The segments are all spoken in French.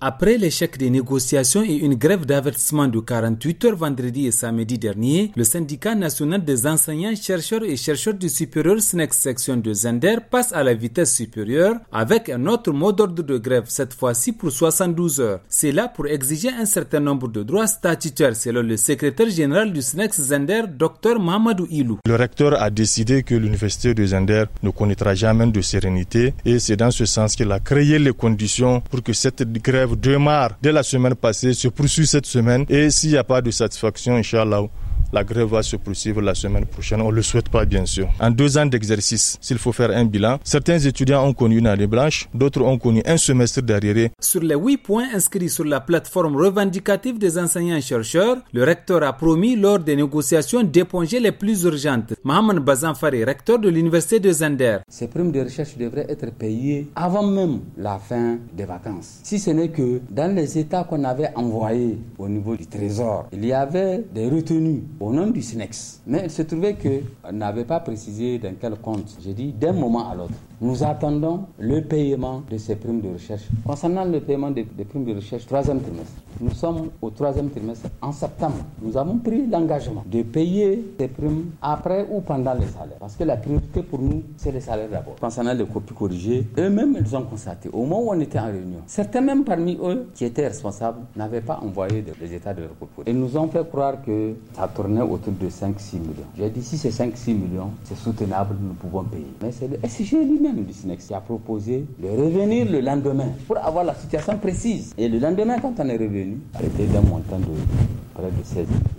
Après l'échec des négociations et une grève d'avertissement de 48 heures vendredi et samedi dernier, le syndicat national des enseignants, chercheurs et chercheurs du supérieur SNEX section de Zender passe à la vitesse supérieure avec un autre mot d'ordre de grève, cette fois-ci pour 72 heures. C'est là pour exiger un certain nombre de droits statutaires selon le secrétaire général du SNEX Zender, Dr Mamadou Ilou. Le recteur a décidé que l'université de Zender ne connaîtra jamais de sérénité et c'est dans ce sens qu'il a créé les conditions pour que cette grève démarre dès la semaine passée, se poursuit cette semaine. Et s'il n'y a pas de satisfaction, Inch'Allah, la grève va se poursuivre la semaine prochaine. On ne le souhaite pas, bien sûr. En deux ans d'exercice, s'il faut faire un bilan, certains étudiants ont connu une année blanche, d'autres ont connu un semestre d'arriéré. Sur les huit points inscrits sur la plateforme revendicative des enseignants-chercheurs, le recteur a promis lors des négociations d'éponger les plus urgentes. Mohamed Bazanfari, recteur de l'université de Zander. Ces primes de recherche devraient être payées avant même la fin des vacances. Si ce n'est que dans les états qu'on avait envoyés au niveau du trésor, il y avait des retenues au nom du Sinex. Mais il se trouvait qu'on n'avait pas précisé dans quel compte. J'ai dit d'un moment à l'autre. Nous attendons le paiement de ces primes de recherche. Concernant le paiement des, primes de recherche, troisième trimestre. Nous sommes au troisième trimestre. En septembre, nous avons pris l'engagement de payer ces primes après ou pendant les salaires. Parce que la priorité pour nous, c'est les salaires d'abord. Concernant les copies corrigées, eux-mêmes, ils ont constaté, au moment où on était en réunion, certains même parmi eux qui étaient responsables n'avaient pas envoyé les états de recours. copies. Ils nous ont fait croire que ça tournait autour de 5-6 millions. J'ai dit si c'est 5-6 millions, c'est soutenable, nous pouvons payer. Mais c'est le SG lui-même du SINEX qui a proposé de revenir le lendemain pour avoir la situation précise. Et le lendemain, quand on est revenu, arrêtez d'un montant de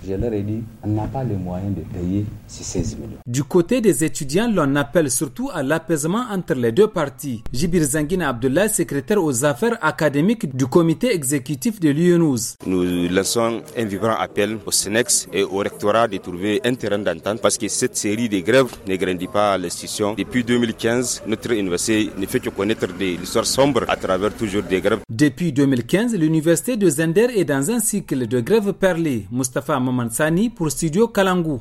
je leur ai dit, on n'a pas les moyens de payer ces 16 millions. Du côté des étudiants, l'on appelle surtout à l'apaisement entre les deux parties. Jibir Zangina Abdullah, secrétaire aux affaires académiques du comité exécutif de l'UNUS. Nous lançons un vibrant appel au SENEX et au rectorat de trouver un terrain d'entente parce que cette série de grèves ne grandit pas à l'institution. Depuis 2015, notre université ne fait que connaître des histoires sombres à travers toujours des grèves. Depuis 2015, l'université de Zender est dans un cycle de grèves perlées Mustafa Mustapha Mamansani pour Studio Kalangu.